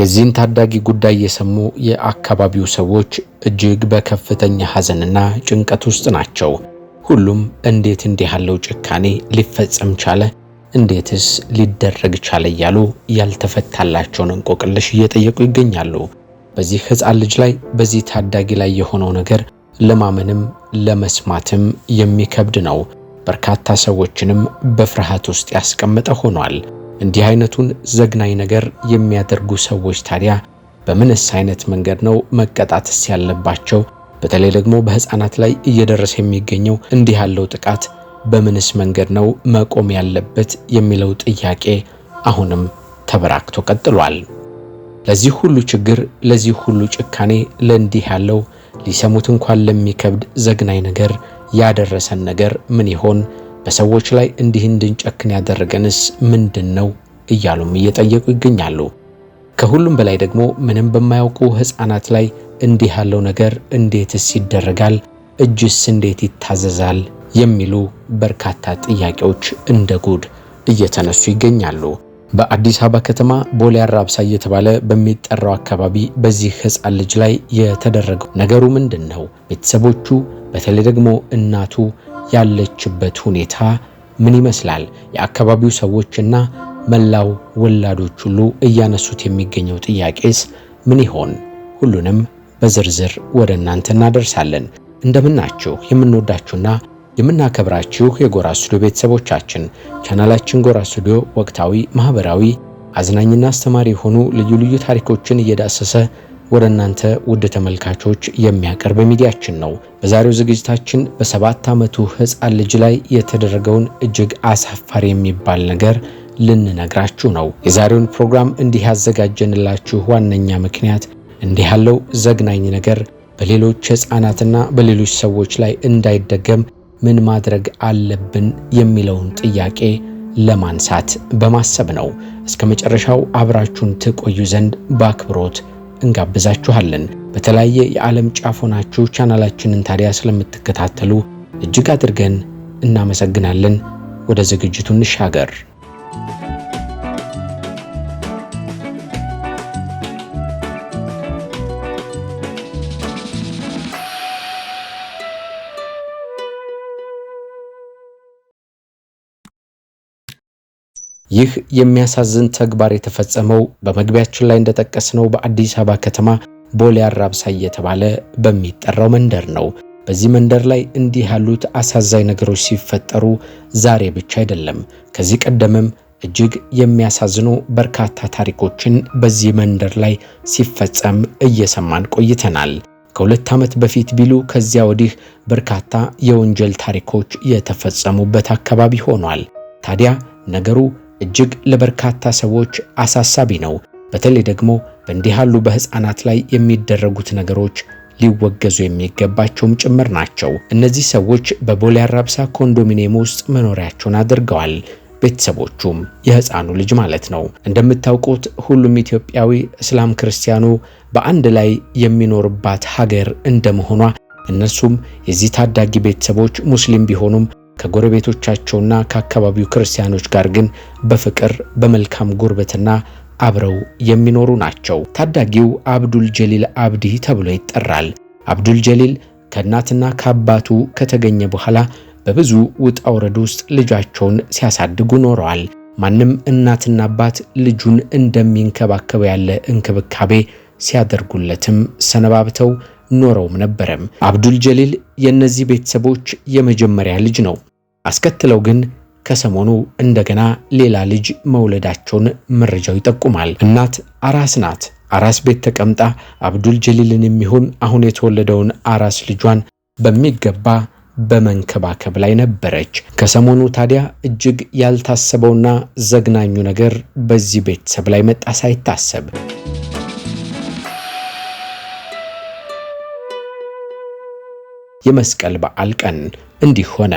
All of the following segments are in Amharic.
የዚህን ታዳጊ ጉዳይ የሰሙ የአካባቢው ሰዎች እጅግ በከፍተኛ ሐዘንና ጭንቀት ውስጥ ናቸው። ሁሉም እንዴት እንዲህ ያለው ጭካኔ ሊፈጸም ቻለ? እንዴትስ ሊደረግ ቻለ? እያሉ ያልተፈታላቸውን እንቆቅልሽ እየጠየቁ ይገኛሉ። በዚህ ሕፃን ልጅ ላይ በዚህ ታዳጊ ላይ የሆነው ነገር ለማመንም ለመስማትም የሚከብድ ነው። በርካታ ሰዎችንም በፍርሃት ውስጥ ያስቀመጠ ሆኗል። እንዲህ አይነቱን ዘግናኝ ነገር የሚያደርጉ ሰዎች ታዲያ በምንስ አይነት መንገድ ነው መቀጣትስ ያለባቸው? በተለይ ደግሞ በህፃናት ላይ እየደረሰ የሚገኘው እንዲህ ያለው ጥቃት በምንስ መንገድ ነው መቆም ያለበት የሚለው ጥያቄ አሁንም ተበራክቶ ቀጥሏል። ለዚህ ሁሉ ችግር፣ ለዚህ ሁሉ ጭካኔ፣ ለእንዲህ ያለው ሊሰሙት እንኳን ለሚከብድ ዘግናኝ ነገር ያደረሰን ነገር ምን ይሆን? በሰዎች ላይ እንዲህ እንድንጨክን ያደረገንስ ምንድን ነው እያሉም እየጠየቁ ይገኛሉ። ከሁሉም በላይ ደግሞ ምንም በማያውቁ ሕፃናት ላይ እንዲህ ያለው ነገር እንዴትስ ይደረጋል? እጅስ እንዴት ይታዘዛል? የሚሉ በርካታ ጥያቄዎች እንደ ጉድ እየተነሱ ይገኛሉ። በአዲስ አበባ ከተማ ቦሌ አራብሳ እየተባለ በሚጠራው አካባቢ በዚህ ሕፃን ልጅ ላይ የተደረገው ነገሩ ምንድን ነው? ቤተሰቦቹ በተለይ ደግሞ እናቱ ያለችበት ሁኔታ ምን ይመስላል? የአካባቢው ሰዎችና መላው ወላዶች ሁሉ እያነሱት የሚገኘው ጥያቄስ ምን ይሆን? ሁሉንም በዝርዝር ወደ እናንተ እናደርሳለን። እንደምናችሁ የምንወዳችሁና የምናከብራችሁ የጎራ ስቱዲዮ ቤተሰቦቻችን ቻናላችን ጎራ ስቱዲዮ ወቅታዊ፣ ማህበራዊ፣ አዝናኝና አስተማሪ የሆኑ ልዩ ልዩ ታሪኮችን እየዳሰሰ ወደ እናንተ ውድ ተመልካቾች የሚያቀርብ ሚዲያችን ነው። በዛሬው ዝግጅታችን በሰባት ዓመቱ ሕፃን ልጅ ላይ የተደረገውን እጅግ አሳፋሪ የሚባል ነገር ልንነግራችሁ ነው። የዛሬውን ፕሮግራም እንዲህ ያዘጋጀንላችሁ ዋነኛ ምክንያት እንዲህ ያለው ዘግናኝ ነገር በሌሎች ሕፃናትና በሌሎች ሰዎች ላይ እንዳይደገም ምን ማድረግ አለብን የሚለውን ጥያቄ ለማንሳት በማሰብ ነው። እስከ መጨረሻው አብራችሁን ትቆዩ ዘንድ በአክብሮት እንጋብዛችኋለን። በተለያየ የዓለም ጫፍ ሆናችሁ ቻናላችንን ታዲያ ስለምትከታተሉ እጅግ አድርገን እናመሰግናለን። ወደ ዝግጅቱ እንሻገር። ይህ የሚያሳዝን ተግባር የተፈጸመው በመግቢያችን ላይ እንደጠቀስነው በአዲስ አበባ ከተማ ቦሌ አራብሳ እየተባለ በሚጠራው መንደር ነው። በዚህ መንደር ላይ እንዲህ ያሉት አሳዛኝ ነገሮች ሲፈጠሩ ዛሬ ብቻ አይደለም። ከዚህ ቀደምም እጅግ የሚያሳዝኑ በርካታ ታሪኮችን በዚህ መንደር ላይ ሲፈጸም እየሰማን ቆይተናል። ከሁለት ዓመት በፊት ቢሉ ከዚያ ወዲህ በርካታ የወንጀል ታሪኮች የተፈጸሙበት አካባቢ ሆኗል። ታዲያ ነገሩ እጅግ ለበርካታ ሰዎች አሳሳቢ ነው። በተለይ ደግሞ በእንዲህ ያሉ በህፃናት ላይ የሚደረጉት ነገሮች ሊወገዙ የሚገባቸውም ጭምር ናቸው። እነዚህ ሰዎች በቦሌ አራብሳ ኮንዶሚኒየም ውስጥ መኖሪያቸውን አድርገዋል። ቤተሰቦቹም የህፃኑ ልጅ ማለት ነው። እንደምታውቁት ሁሉም ኢትዮጵያዊ እስላም ክርስቲያኑ በአንድ ላይ የሚኖርባት ሀገር እንደመሆኗ እነሱም የዚህ ታዳጊ ቤተሰቦች ሙስሊም ቢሆኑም ከጎረቤቶቻቸውና ከአካባቢው ክርስቲያኖች ጋር ግን በፍቅር በመልካም ጉርብትና አብረው የሚኖሩ ናቸው። ታዳጊው አብዱል ጀሊል አብዲ ተብሎ ይጠራል። አብዱል ጀሊል ከእናትና ከአባቱ ከተገኘ በኋላ በብዙ ውጣ ውረድ ውስጥ ልጃቸውን ሲያሳድጉ ኖረዋል። ማንም እናትና አባት ልጁን እንደሚንከባከበው ያለ እንክብካቤ ሲያደርጉለትም ሰነባብተው ኖረውም ነበረም። አብዱል ጀሊል የእነዚህ ቤተሰቦች የመጀመሪያ ልጅ ነው። አስከትለው ግን ከሰሞኑ እንደገና ሌላ ልጅ መውለዳቸውን መረጃው ይጠቁማል። እናት አራስ ናት። አራስ ቤት ተቀምጣ አብዱል ጀሊልን የሚሆን አሁን የተወለደውን አራስ ልጇን በሚገባ በመንከባከብ ላይ ነበረች። ከሰሞኑ ታዲያ እጅግ ያልታሰበውና ዘግናኙ ነገር በዚህ ቤተሰብ ላይ መጣ ሳይታሰብ የመስቀል በዓል ቀን እንዲህ ሆነ።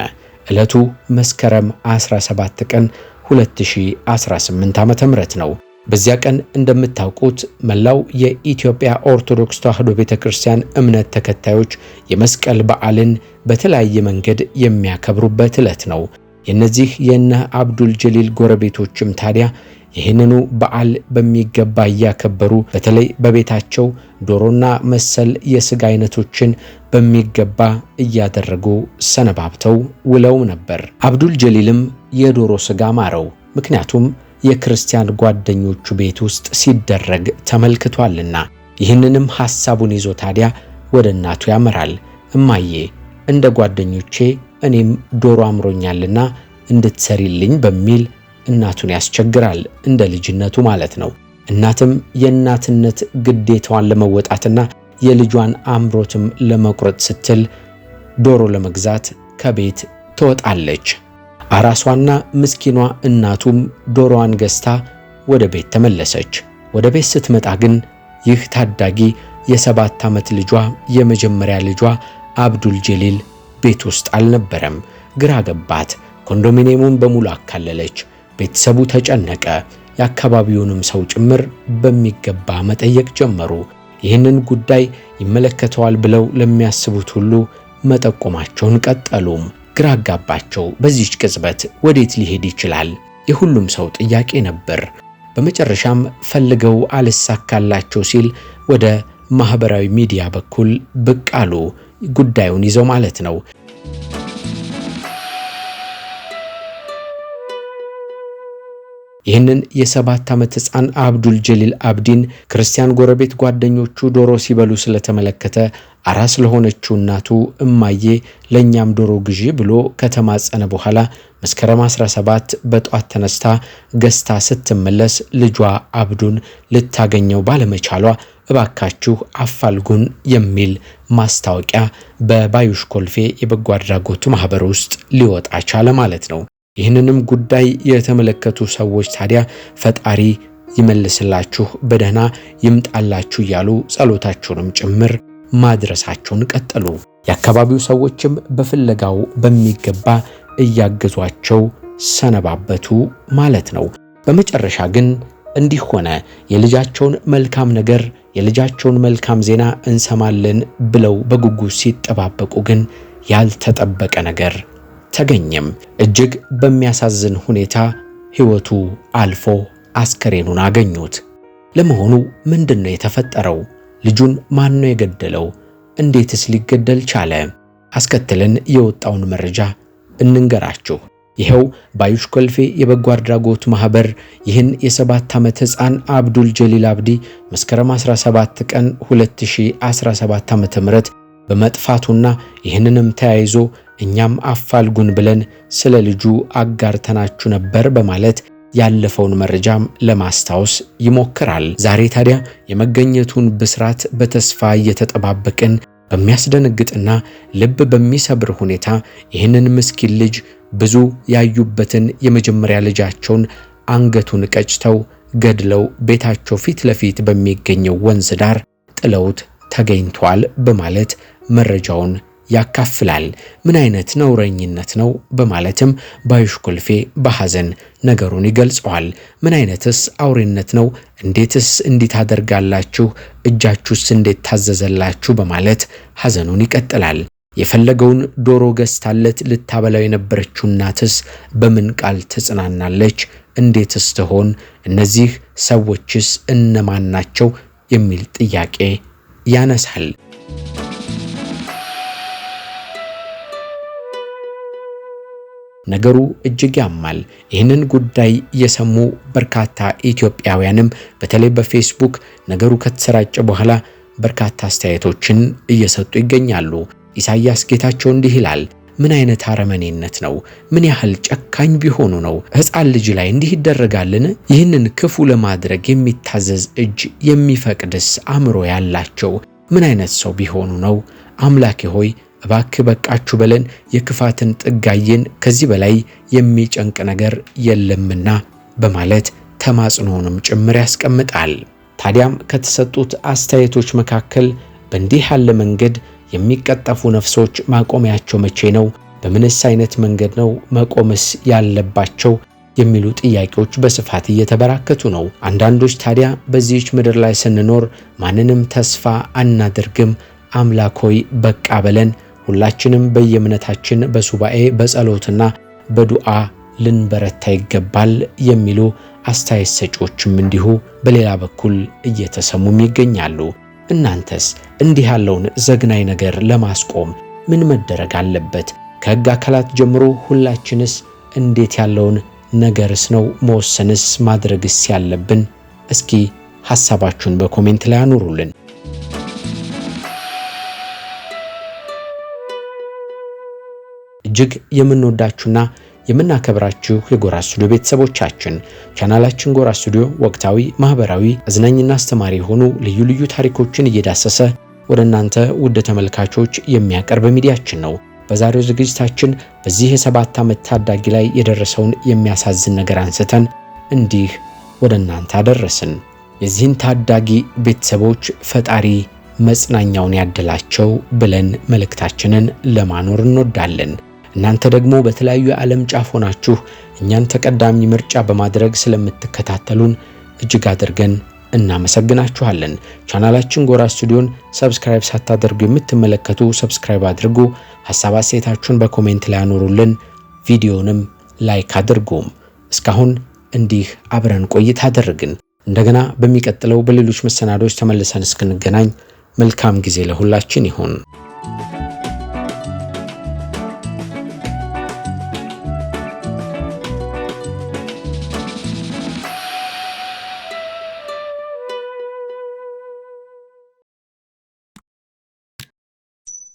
ዕለቱ መስከረም 17 ቀን 2018 ዓመተ ምህረት ነው። በዚያ ቀን እንደምታውቁት መላው የኢትዮጵያ ኦርቶዶክስ ተዋሕዶ ቤተክርስቲያን እምነት ተከታዮች የመስቀል በዓልን በተለያየ መንገድ የሚያከብሩበት ዕለት ነው። የእነዚህ የነ አብዱል ጀሊል ጎረቤቶችም ታዲያ ይህንኑ በዓል በሚገባ እያከበሩ በተለይ በቤታቸው ዶሮና መሰል የስጋ አይነቶችን በሚገባ እያደረጉ ሰነባብተው ውለውም ነበር። አብዱል ጀሊልም የዶሮ ስጋ ማረው። ምክንያቱም የክርስቲያን ጓደኞቹ ቤት ውስጥ ሲደረግ ተመልክቷልና። ይህንንም ሐሳቡን ይዞ ታዲያ ወደ እናቱ ያመራል። እማዬ፣ እንደ ጓደኞቼ እኔም ዶሮ አምሮኛልና እንድትሰሪልኝ በሚል እናቱን ያስቸግራል፣ እንደ ልጅነቱ ማለት ነው። እናትም የእናትነት ግዴታዋን ለመወጣትና የልጇን አምሮትም ለመቁረጥ ስትል ዶሮ ለመግዛት ከቤት ትወጣለች። አራሷና ምስኪኗ እናቱም ዶሮዋን ገዝታ ወደ ቤት ተመለሰች። ወደ ቤት ስትመጣ ግን ይህ ታዳጊ የሰባት ዓመት ልጇ የመጀመሪያ ልጇ አብዱል ጀሊል ቤት ውስጥ አልነበረም። ግራ ገባት። ኮንዶሚኒየሙን በሙሉ አካለለች። ቤተሰቡ ተጨነቀ። የአካባቢውንም ሰው ጭምር በሚገባ መጠየቅ ጀመሩ። ይህንን ጉዳይ ይመለከተዋል ብለው ለሚያስቡት ሁሉ መጠቆማቸውን ቀጠሉም። ግራ አጋባቸው። በዚች ቅጽበት ወዴት ሊሄድ ይችላል? የሁሉም ሰው ጥያቄ ነበር። በመጨረሻም ፈልገው አልሳካላቸው ሲል ወደ ማህበራዊ ሚዲያ በኩል ብቅ አሉ። ጉዳዩን ይዘው ማለት ነው። ይህንን የሰባት ዓመት ሕፃን አብዱል ጀሊል አብዲን ክርስቲያን ጎረቤት ጓደኞቹ ዶሮ ሲበሉ ስለተመለከተ አራስ ለሆነችው እናቱ እማዬ ለእኛም ዶሮ ግዢ ብሎ ከተማጸነ በኋላ መስከረም 17 በጧት ተነስታ ገዝታ ስትመለስ ልጇ አብዱን ልታገኘው ባለመቻሏ እባካችሁ አፋልጉን የሚል ማስታወቂያ በባዩሽ ኮልፌ የበጎ አድራጎቱ ማህበር ውስጥ ሊወጣ ቻለ ማለት ነው። ይህንንም ጉዳይ የተመለከቱ ሰዎች ታዲያ ፈጣሪ ይመልስላችሁ በደህና ይምጣላችሁ እያሉ ጸሎታቸውንም ጭምር ማድረሳቸውን ቀጠሉ። የአካባቢው ሰዎችም በፍለጋው በሚገባ እያገዟቸው ሰነባበቱ ማለት ነው። በመጨረሻ ግን እንዲህ ሆነ። የልጃቸውን መልካም ነገር የልጃቸውን መልካም ዜና እንሰማለን ብለው በጉጉት ሲጠባበቁ ግን ያልተጠበቀ ነገር ተገኘም። እጅግ በሚያሳዝን ሁኔታ ሕይወቱ አልፎ አስከሬኑን አገኙት። ለመሆኑ ምንድን ነው የተፈጠረው? ልጁን ማን ነው የገደለው? እንዴትስ ሊገደል ቻለ? አስከትለን የወጣውን መረጃ እንንገራችሁ። ይኸው ባዩሽ ኮልፌ የበጎ አድራጎት ማህበር ይህን የሰባት ዓመት ሕፃን አብዱል ጀሊል አብዲ መስከረም 17 ቀን 2017 ዓ.ም በመጥፋቱና ይህንንም ተያይዞ እኛም አፋልጉን ብለን ስለ ልጁ አጋርተናችሁ ነበር በማለት ያለፈውን መረጃም ለማስታወስ ይሞክራል። ዛሬ ታዲያ የመገኘቱን ብስራት በተስፋ እየተጠባበቅን በሚያስደነግጥና ልብ በሚሰብር ሁኔታ ይህንን ምስኪን ልጅ ብዙ ያዩበትን የመጀመሪያ ልጃቸውን አንገቱን ቀጭተው ገድለው ቤታቸው ፊት ለፊት በሚገኘው ወንዝ ዳር ጥለውት ተገኝቷል በማለት መረጃውን ያካፍላል። ምን አይነት ነውረኝነት ነው በማለትም ባዩሽ ኮልፌ በሐዘን ነገሩን ይገልጸዋል። ምን አይነትስ አውሬነት ነው? እንዴትስ እንዲህ ታደርጋላችሁ? እጃችሁስ እንዴት ታዘዘላችሁ? በማለት ሐዘኑን ይቀጥላል። የፈለገውን ዶሮ ገዝታለት ልታበላው የነበረችው እናትስ በምን ቃል ትጽናናለች? እንዴትስ ትሆን? እነዚህ ሰዎችስ እነማን ናቸው? የሚል ጥያቄ ያነሳል። ነገሩ እጅግ ያማል። ይህንን ጉዳይ የሰሙ በርካታ ኢትዮጵያውያንም በተለይ በፌስቡክ ነገሩ ከተሰራጨ በኋላ በርካታ አስተያየቶችን እየሰጡ ይገኛሉ። ኢሳያስ ጌታቸው እንዲህ ይላል። ምን አይነት አረመኔነት ነው? ምን ያህል ጨካኝ ቢሆኑ ነው? ሕፃን ልጅ ላይ እንዲህ ይደረጋልን? ይህንን ክፉ ለማድረግ የሚታዘዝ እጅ የሚፈቅድስ አእምሮ ያላቸው ምን አይነት ሰው ቢሆኑ ነው? አምላኬ ሆይ እባክ በቃችሁ በለን። የክፋትን ጥጋዬን ከዚህ በላይ የሚጨንቅ ነገር የለምና በማለት ተማጽኖንም ጭምር ያስቀምጣል። ታዲያም ከተሰጡት አስተያየቶች መካከል በእንዲህ ያለ መንገድ የሚቀጠፉ ነፍሶች ማቆሚያቸው መቼ ነው? በምንስ አይነት መንገድ ነው መቆምስ ያለባቸው? የሚሉ ጥያቄዎች በስፋት እየተበራከቱ ነው። አንዳንዶች ታዲያ በዚህች ምድር ላይ ስንኖር ማንንም ተስፋ አናደርግም፣ አምላክ ሆይ በቃ በለን ሁላችንም በየእምነታችን በሱባኤ በጸሎትና በዱዓ ልንበረታ ይገባል የሚሉ አስተያየት ሰጪዎችም እንዲሁ በሌላ በኩል እየተሰሙም ይገኛሉ። እናንተስ እንዲህ ያለውን ዘግናይ ነገር ለማስቆም ምን መደረግ አለበት? ከሕግ አካላት ጀምሮ ሁላችንስ እንዴት ያለውን ነገርስ ነው መወሰንስ ማድረግስ ያለብን? እስኪ ሐሳባችሁን በኮሜንት ላይ አኑሩልን። እጅግ የምንወዳችሁና የምናከብራችሁ የጎራ ስቱዲዮ ቤተሰቦቻችን ቻናላችን ጎራ ስቱዲዮ ወቅታዊ፣ ማህበራዊ፣ አዝናኝና አስተማሪ የሆኑ ልዩ ልዩ ታሪኮችን እየዳሰሰ ወደ እናንተ ውድ ተመልካቾች የሚያቀርብ ሚዲያችን ነው። በዛሬው ዝግጅታችን በዚህ የሰባት ዓመት ታዳጊ ላይ የደረሰውን የሚያሳዝን ነገር አንስተን እንዲህ ወደ እናንተ አደረስን። የዚህን ታዳጊ ቤተሰቦች ፈጣሪ መጽናኛውን ያደላቸው ብለን መልእክታችንን ለማኖር እንወዳለን። እናንተ ደግሞ በተለያዩ የዓለም ጫፍ ሆናችሁ እኛን ተቀዳሚ ምርጫ በማድረግ ስለምትከታተሉን እጅግ አድርገን እናመሰግናችኋለን። ቻናላችን ጎራ ስቱዲዮን ሰብስክራይብ ሳታደርጉ የምትመለከቱ ሰብስክራይብ አድርጉ። ሐሳብ አስተያየታችሁን በኮሜንት ላይ አኖሩልን። ቪዲዮንም ላይክ አድርጉም። እስካሁን እንዲህ አብረን ቆይታ አደረግን። እንደገና በሚቀጥለው በሌሎች መሰናዶች ተመልሰን እስክንገናኝ መልካም ጊዜ ለሁላችን ይሁን።